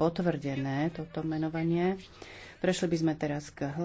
potvrdené toto menovanie. Prešli by sme teraz k hlasovaniu.